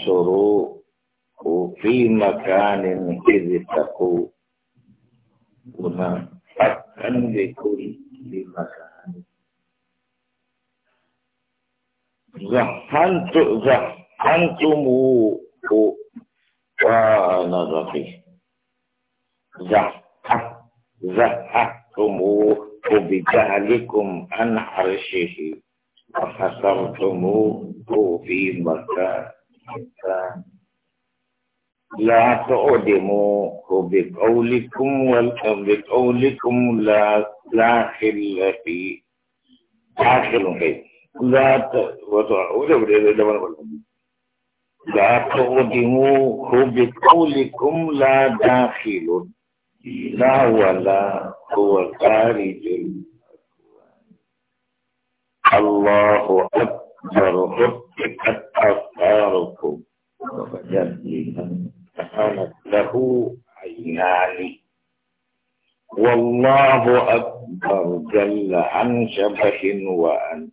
ينشر في مكان إذ تقو هنا حقا لكل مكان زحنت زحنتموه وانا ظفي زحه بجهلكم عن عرشه وحصرتموه في مكان لا تؤدموا بقولكم وبقولكم لا داخل في داخل في لا لا تؤدموا بقولكم لا داخل لا ولا هو خارج الله أكبر فرحقت أبصاركم وبدت لمن كانت له عينان والله أكبر جل عن شبه وأن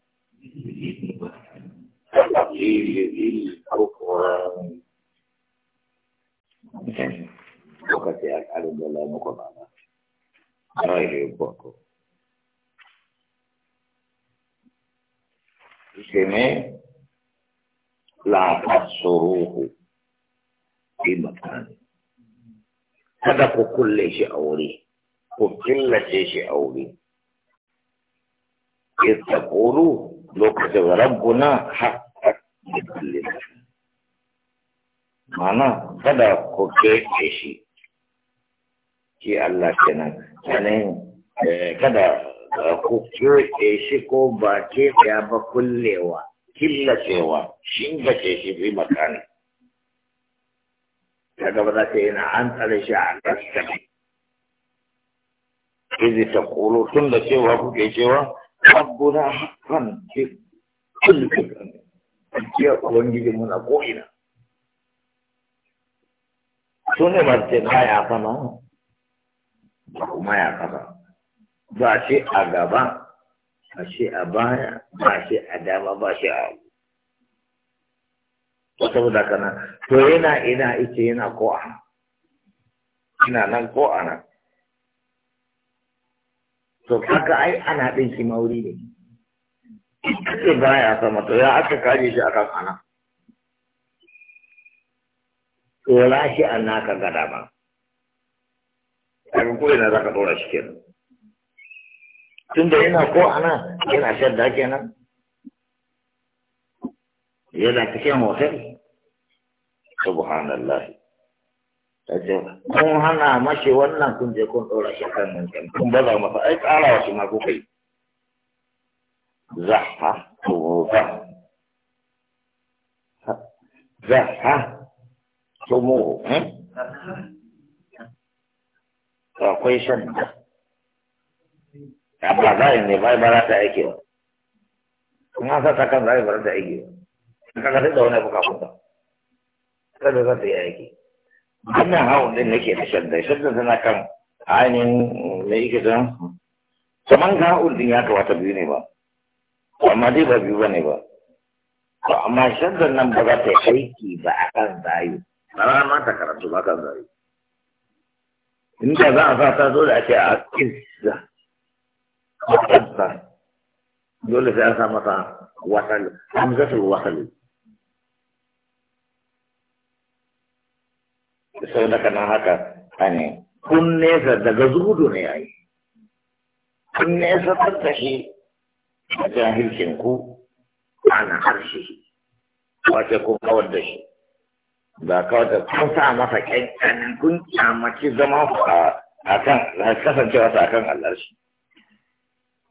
قيل ذي الكفران Lokasi yang ada dalam muka mana? Raih ibu aku. shine la tasuruhu fi makani kada kulle shi a wuri ku killace shi a wuri lokacin rabbuna haƙa da kullum mana kada ku shi shi Allah kenan sanin kada eh, ku kirke shi ko ba ke ya ba kullewa killacewa shingace shi bi makani ta gaba za ta yi na an tsare shi a ɗaskari izi ta kolo tun da cewa kuke cewa rabbuna hakan bi kullum ya ubangiji muna ko'ina su ne masu ce ya sama kuma ya kasa ba shi a gaba ba shi a baya ba shi a dama ba shi a wata wuta kana to yana ina ita yana ko a ina nan ko a nan to haka ai ana ɗin shi mauri ne Ake baya sama to ya aka kaje shi akan ana to shi an naka gada ba ga ko ina za ka ɗora shi kenan đến tun da yana ko ana yana shan da kenan yana cikin hotel subhanallah tace kun hana mashi wannan kun je kun dora shi kan nan kun baza masa ai tsara wasu ma ko kai zaha tuwa zaha tuwa akwai shan da wallahi ne bai bara ta aiki ba kuma sa ta kan zai bara ta aiki ba kaga sai da wani buka kuma kada za ta yi aiki wannan hawan din nake da shadda shadda tana kan ainihin mai yake don kaman ga hawan din ya kawata biyu ne ba amma dai ba biyu ba ne ba to amma shadda nan ba za ta yi aiki ba a kan zayu ba za ma ta karatu ba kan zayu in da za a sa ta zo da ake a kisa وقدر dole sai an sa masa wasal hamzatul wasal sau da kana haka ne kun nesa daga zuhudu ne yayi kun nesa tatta shi a jahilcin ku ana harshe shi wace kun kawar da shi ba kawar da kun sa masa kyankyanin kun kyamaci zama a kan kasancewa a kan Allah shi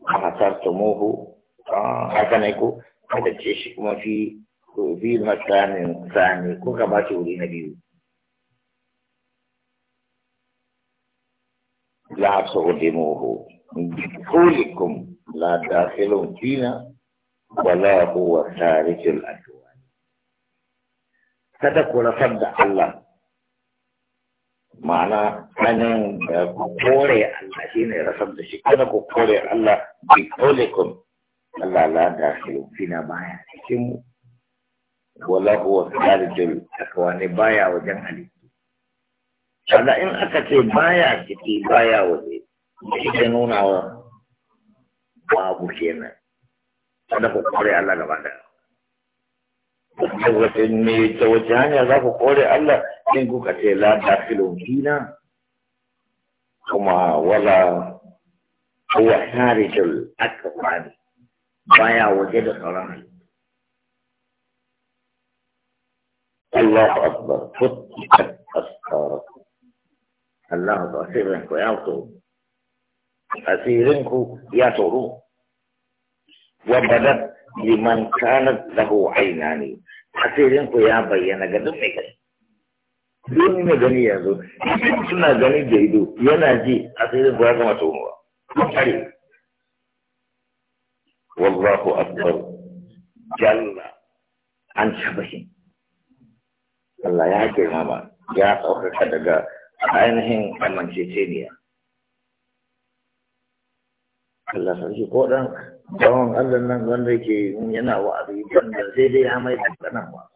فحصرتموه حسنكو آه، هذا الشيء ما في في المكان ثاني كو باشي ولي نبيو لا تقدموه بقولكم لا داخل فينا ولا هو خارج الأكوان kada صدق الله معنى أنا بقول الذين رصدوا شكلنا بقول الله بقولكم الله لا داخل فينا بايا كم ولا هو خارج الأكوان بايا وجن علي هذا إن أكتى بايا كتى بايا وجه جنون أو بابو كينا هذا بقول الله لا بد من توجهني هذا بقول الله in kuka ce la dakilun fina kuma wala huwa harijul akbari baya waje da sauran Allahu akbar futihat asrar Allah ta asirin ku ya to asirin ku ya tsoro wa badat liman kanat lahu ainani asirin ku ya bayyana ga duk mai gani doni mai gani yanzu suna gani da ido yana ji a sai zai ba gama tonuwa kare wallahu akbar jalla an shabahin Allah ya girmama ya saukaka daga ainihin kamanceceniya Allah sarki ko ɗan tsawon Allah nan wanda ke yana wa'azi wanda sai dai ya mai ɗan ɗanan wa'azi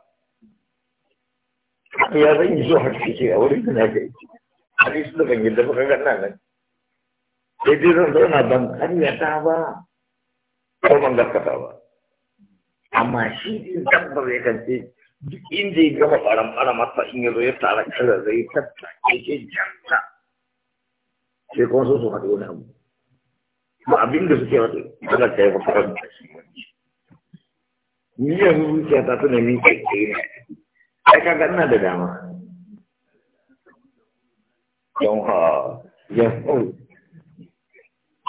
ya zan yi zuwa haka ce a wurin da na ga a ne su ban yadda ba kaga ina nan sai dai zan zauna ban karya ta ba ko ban gaskata ba amma shi din tabbar ya kance duk inda ya gama faran masa in ya zo ya tara kala zai tattake ke janta sai kuma so su haɗu wani abu ba abin da suke wata ana kai ba faran da shi wani ni yanzu zuciya ta tuna tunani kai kai ne ai kaga ina da dama don ha yanzu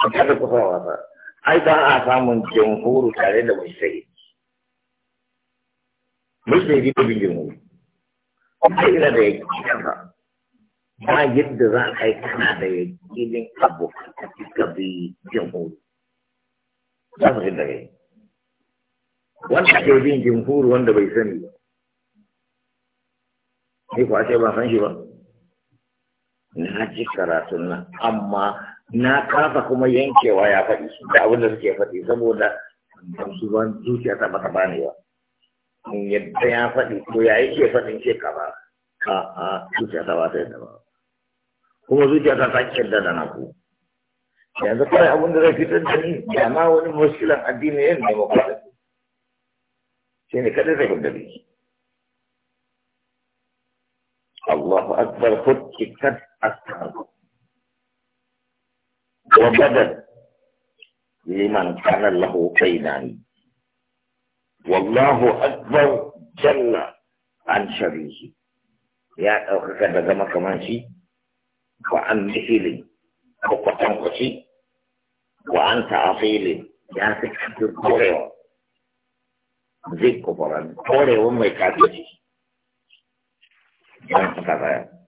oh. kada kusa wasa ai ba a samun jamhuru tare da mai sai mai sai ji bin jamhuru kuma ina da yake kansa ba yadda za a yi kana da yakinin abu ka ci gabi jamhuru za su fi da kai wanda ke bin jamhuru wanda bai sani ba sai ku ashe ba san shi ba na ji karatun nan amma na kasa kuma yankewa ya faɗi da abin da suke faɗi saboda su ban zuciya ta bata bani ba in yadda ya faɗi ko ya yi ke faɗin ce ka ba a a zuciya ta ba ta yadda ba kuma zuciya ta ta yadda da na ku yanzu kawai abin da zai fitar da ni Ya ma wani muskilan addini da ku? shi ne kaɗai zai gudare الله أكبر كتاب أكبر وبدت لمن كان له كيدان والله أكبر جل عن شريه يا أخي كذا كما كمان شيء وعن مثيل وقتن تنقشي وعن تعطيل يا سكت الكوريو ذي كبران كوريو ما يكاتشي Jangan kata saya.